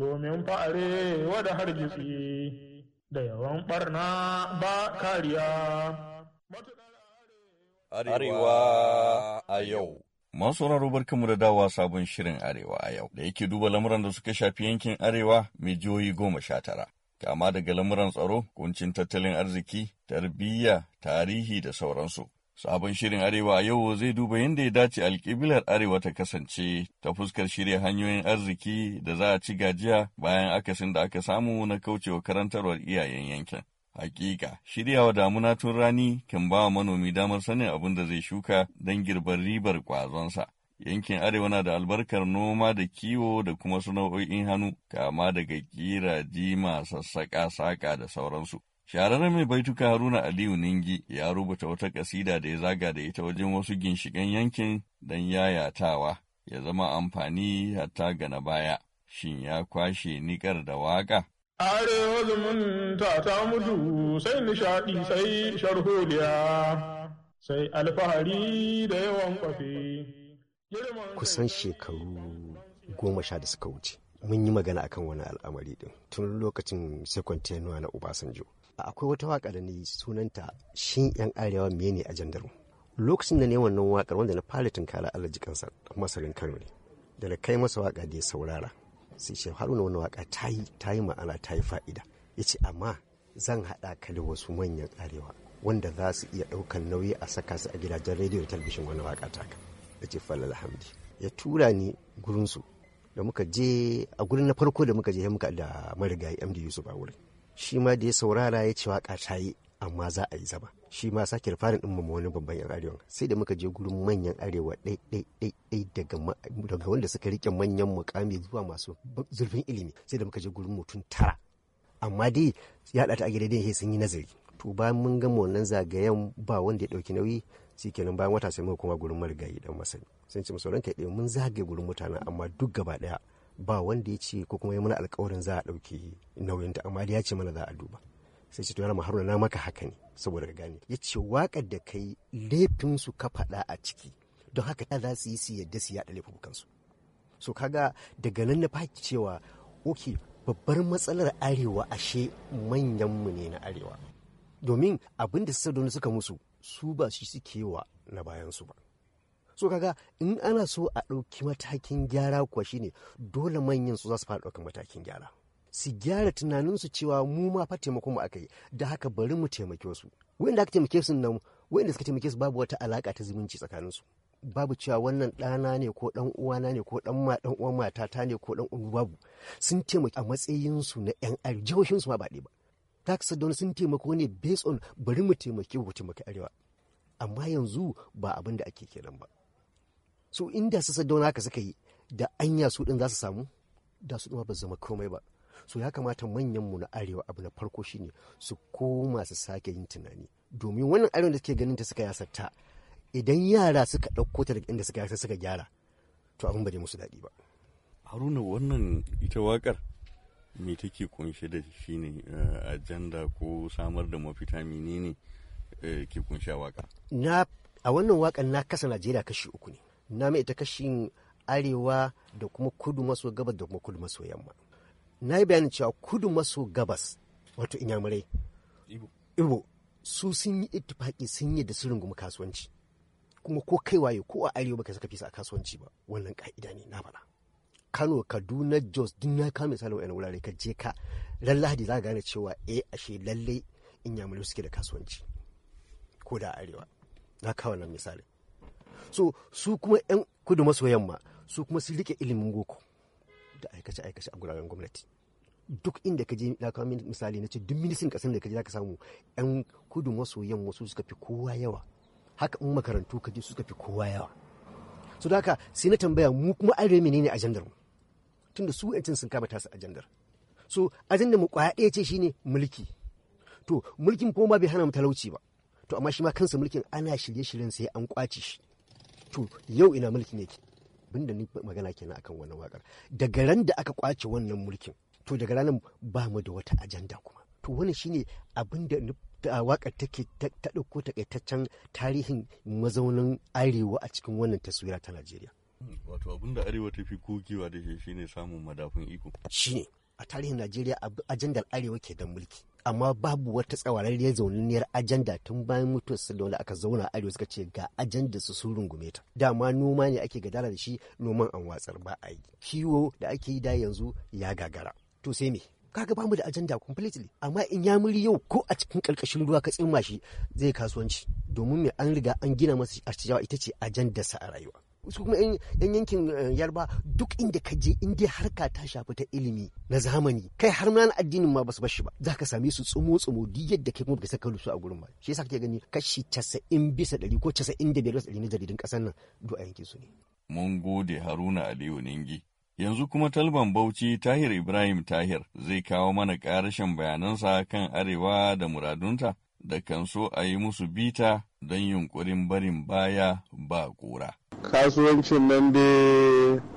domin fa'are wada hargitsi da yawan ɓarna ba kariya. Arewa a yau Masu rarobar kanmu da dawa sabon shirin Arewa a yau da yake duba lamuran da suka shafi yankin Arewa mai jihohi goma sha tara. Kama daga lamuran tsaro, kuncin tattalin arziki, tarbiyya, tarihi da sauransu. Sabon shirin Arewa a yau zai duba yadda ya dace alƙiblar Arewa ta kasance ta fuskar shirya hanyoyin arziki da za a ci gajiya bayan akasin da aka samu na kaucewa karantarwar iyayen yankin. Hakika, shiryawa damuna tun rani kan ba manomi damar sanin abin da zai shuka don girban ribar kwazonsa. Yankin Arewa na da albarkar noma da kiwo da kuma sana'o'in hannu, kama daga ƙira, jima, sassaƙa, saƙa da sauransu. Shahararren mai baituka Haruna Aliyu Ningi ya rubuta wata kasida da ya zaga da ita wajen wasu ginshiƙan yankin don yayatawa, ya zama amfani hatta ga na baya. Shin ya kwashe niƙar da waƙa? Arewa zumunta ta mutu sai nishaɗi sai sharholiya, sai alfahari da yawan kwafe. Kusan shekaru goma sha da suka wuce. Mun yi magana akan wani al'amari ɗin tun lokacin sekwantenuwa na Obasanjo. akwai wata waka da ni sunanta shin yan arewa mene a jandaru lokacin da ne wannan wakar wanda na fara tunkara alhaji kansa masarin kano ne da na kai masa waka da ya saurara sai ce haruna wannan waka ta yi ta yi ma'ana ta yi fa'ida ya ce amma zan haɗa ka da wasu manyan arewa wanda za su iya ɗaukan nauyi a saka su a gidajen rediyo da talabijin wani waka taka ya ce falal hamdi ya tura ni gurinsu da muka je a gurin na farko da muka je muka da marigayi md yusuf a wurin shi ma da ya saurara ya ce waka ta yi amma za a yi zama shi ma sake farin din mu wani babban yan arewa sai da muka je gurin manyan arewa ɗai ɗai ɗai ɗai daga wanda suka rike manyan mukami zuwa masu zurfin ilimi sai da muka je gurin mutum tara amma dai ya ta a gidan sun yi nazari to bayan mun gama wannan zagayen ba wanda ya ɗauki nauyi shi kenan bayan wata sai muka koma gurin marigayi dan masani sun ce mu kai kai mun zagaye gurin mutanen amma duk gaba ɗaya ba wanda ya ce ko kuma ya mana alkawarin za a ɗauki nauyin ta amma ya ce mana za a duba sai ce to yana haruna na maka haka ne saboda ka gane ya ce waƙar da kai laifin su ka faɗa a ciki don haka ta za su yi su yadda su yaɗa kansu so kaga daga nan na fahimci cewa ok babbar matsalar arewa ashe manyan mu ne na arewa domin abin da suka suka musu su ba su suke wa na bayansu ba so kaga in ana so a ɗauki matakin gyara kuwa shine dole manyan su za su fara ɗaukar matakin gyara su gyara tunaninsu cewa mu ma fa taimakon mu aka yi da haka bari mu taimake wasu da aka taimake su nan wanda suka taimake su babu wata alaka ta zumunci tsakanin su babu cewa wannan ɗana ne ko ɗan uwana ne ko ɗan ma ɗan uwan matata ne ko ɗan uwan babu sun taimaki a matsayin su na yan arewa jihohin su ma ba ɗaya ba don sun taimako ne based on bari mu taimake mu taimaki arewa amma yanzu ba abin da ake kenan ba so inda su sadauna haka suka yi da anya su din za su samu da su ba zama komai ba so ya kamata manyan mu na arewa abu na farko shine su koma su sake yin tunani domin wannan arewa da suke ganin ta suka yasarta idan yara suka ɗauko ta daga inda suka yasa suka gyara to abin ba musu daɗi ba haruna wannan ita wakar me take kunshe da shi ne eh, ajanda ko samar da mafita menene eh, ke kunshe waka na a wannan wakan na kasa najeriya kashi uku ne na mai ita kashin arewa da kuma kudu maso gabas da kuma kudu maso yamma na yi bayanin cewa kudu maso gabas wato inyamurai ibo su sun yi ittifaki sun yi da su rungumi kasuwanci kuma ko kai waye ko a arewa baka saka fisa a kasuwanci ba wannan ka'ida ne na faɗa kano kaduna jos duk na kama misalin wa'yan wurare ka je ka lallahadi za ka gane cewa eh ashe lallai inyamurai suke da kasuwanci ko da arewa na kawo nan misali so su kuma 'yan kudu maso yamma su kuma su rike ilimin boko da aikace aikace a guraren gwamnati duk inda ka je na kawo misali na ce duk ministan kasan da ka je za ka samu 'yan kudu maso yamma su suka fi kowa yawa haka in makarantu ka je suka fi kowa yawa so da haka sai na tambaya mu kuma arewa ne ajandar mu tunda su 'yancin sun kama tasa ajandar so ajandar mu kwaya ɗaya ce shine mulki to mulkin kuma bai hana mu talauci ba to amma shi ma kansa mulkin ana shirye-shiryen sai an kwace shi to yau ina mulki ne ke. abinda ni magana kenan akan wannan wakar daga ran da aka kwace wannan mulkin to daga ranar ba mu da wata ajanda kuma to wannan shine abin da wakar take ta ɗauko takaitaccen tarihin mazaunin arewa a cikin wannan taswira ta Najeriya. Wato abin da arewa ta fi gogewa da shi shine samun madafun iko. Shi a tarihin Najeriya ajandar arewa ke da mulki. amma babu wata tsawarariyar zaunanniyar ajanda tun bayan mutuwar da aka zauna arewa suka ce ga ajanda su sun rungume ta dama noma ne ake gadara da shi noman an watsar ba a yi kiwo da ake yi da yanzu ya gagara to sai me kaga bamu da ajanda completely amma in ya muri yau ko a cikin karkashin ruwa ka tsimma shi zai kasuwanci domin me an riga an gina masa a ita ce ajandarsa a rayuwa su kuma yan yankin eh, yarba duk inda ka je inda harka ta shafi ta ilimi na zamani kai har ma addinin ma basu bashi ba za ka same su tsumo tsumo duk yadda kai kuma bisa su a gurin ba shi yasa kake gani kashi 90 bisa 100 ko 95 bisa 100 na jaridun kasar nan duk a yankin su ne mun gode Haruna Aliyu Ningi Yanzu kuma Talban Bauchi Tahir Ibrahim Tahir zai kawo mana ƙarashin bayanansa kan Arewa da muradunta da kan so a yi musu bita don yunkurin barin baya ba ƙura. kasuwancin nan da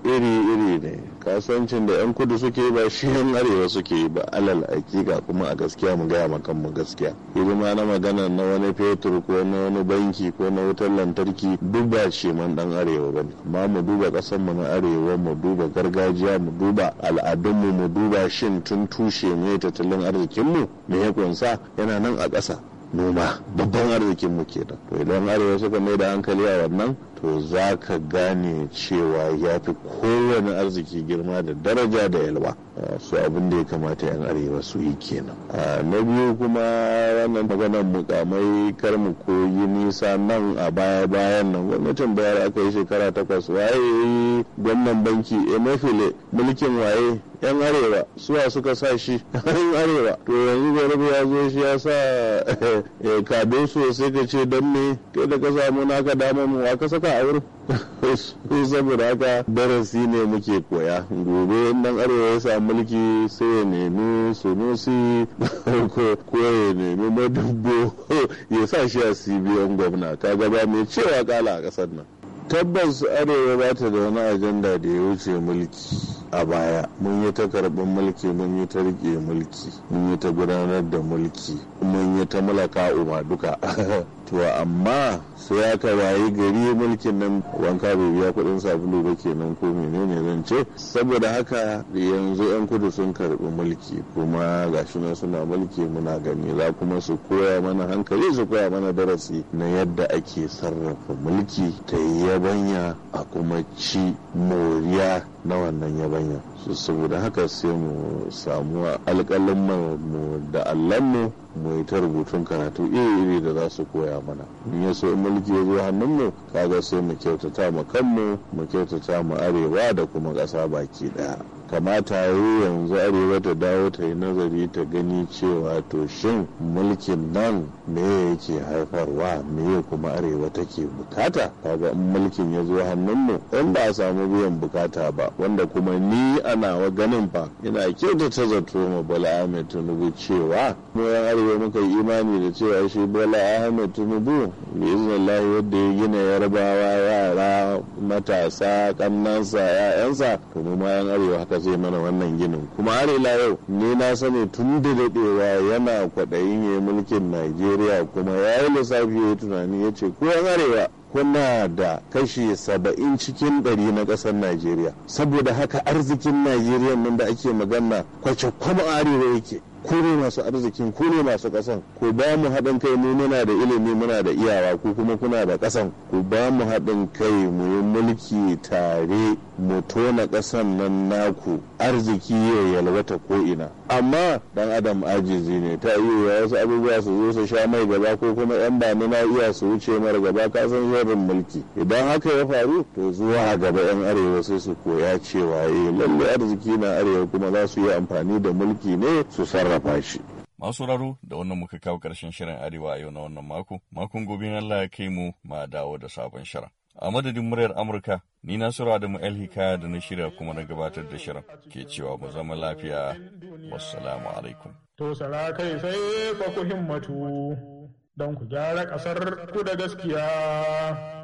iri-iri ne kasuwancin da 'yan kudu suke ba shi yan arewa suke ba alal hakika kuma a gaskiya mu gaya makan mu gaskiya hidima na magana na wani fetur ko na wani banki ko na wutar lantarki duk ba ce man dan arewa ba ne amma mu duba kasan mu na arewa mu duba gargajiya mu duba al'adun mu mu duba shin tun tushe ne tattalin arzikin mu me ya kunsa yana nan a ƙasa noma babban arzikin mu kenan to idan arewa suka mai da hankali a wannan to za ka gane cewa ya fi kowane arziki girma da daraja da yalwa ah, su abin da ya kamata yan arewa su yi kenan ah, na biyu kuma wannan maganar mukamai kar mu koyi nisa nan a baya bayan nan gwamnatin bayar aka yi shekara takwas waye gwamnan banki emefile mulkin waye yan arewa suwa suka sa shi yan arewa to yanzu garba ya zo shi ya sa eh, kabe sosai ka ce don me kai da ka samu naka damar mu ka saka a wurin saboda haka darasi ne muke koya gobe dan arewa ya samu mulki sai ya nemi sunusi ko ya nemi madubbo ya sa shi a cbn gwamna ta gaba mai cewa kala a kasar nan tabbas arewa ba ta da wani ajanda da ya wuce mulki a baya mun yi ta karɓar mulki mun yi ta riƙe mulki mun yi ta gudanar da mulki mun yi ta mulaka uma duka to amma sai ya wayi gari mulkin nan wanka bai biya kuɗin sabulu ba kenan ko menene zan ce saboda haka yanzu yan kudu sun karɓi mulki kuma gashi nan suna mulki muna gani za kuma su koya mana hankali su koya mana darasi na yadda ake sarrafa mulki ta yabanya a kuma ci moriya na wannan yabanya saboda haka sai mu samu alƙalin mu da allanmu mu yi ta rubutun karatu iri-iri da za su koya mana in ya so mulki ya zo hannunmu kaga sai mu kyautata mu kanmu mu kyautata mu arewa da kuma ƙasa baki ɗaya kamata yi yanzu arewa ta dawo ta yi nazari ta gani cewa to shin mulkin nan me yake haifarwa me kuma arewa take bukata kaga in mulkin ya zo hannunmu in ba a samu biyan bukata ba wanda kuma ni ana wa ganin ba ina ta zato ma bala ahmed tinubu cewa mu yan arewa muka yi imani da cewa shi bala ahmed tinubu bi iznillahi yadda ya gina yarbawa yara matasa kannansa ya'yansa to mu ma yan arewa haka zai mana wannan ginin kuma har ila yau ne na sani tun da daɗewa yana kwaɗayin ya mulkin najeriya kuma ya yi lissafi ya yi tunani ya ce ko yan arewa kuna da kashi saba'in cikin ɗari na ƙasar najeriya saboda haka arzikin najeriya nan da ake magana kwace kwama arewa yake ko ne masu arzikin ko ne masu ƙasan ku ba mu haɗin kai mu muna da ilimi muna da iyawa ko kuma kuna da ƙasan ku ba mu haɗin kai mu yi mulki tare mu tona ƙasan nan naku arziki ya yalwata ina amma dan adam ajizi ne ta yi wa wasu abubuwa su zo su sha mai gaba ko kuma yan ba na iya su wuce mara gaba ka san mulki idan haka ya faru to zuwa gaba yan arewa sai su koya cewa eh lalle arziki na arewa kuma za su yi amfani da mulki ne su sarrafa shi Masu raro da wannan muka kawo karshen shirin Arewa a yau na wannan mako, makon gobe Allah ya kai mu ma dawo da sabon shirin. A madadin muryar Amurka, Ni Nasiru Adamu El Hikaya da na shirya kuma na gabatar da shirin ke cewa mu zama lafiya. Wassalamu alaikum. To sara kai sai fa ku himmatu don ku gyara ƙasar ku da gaskiya.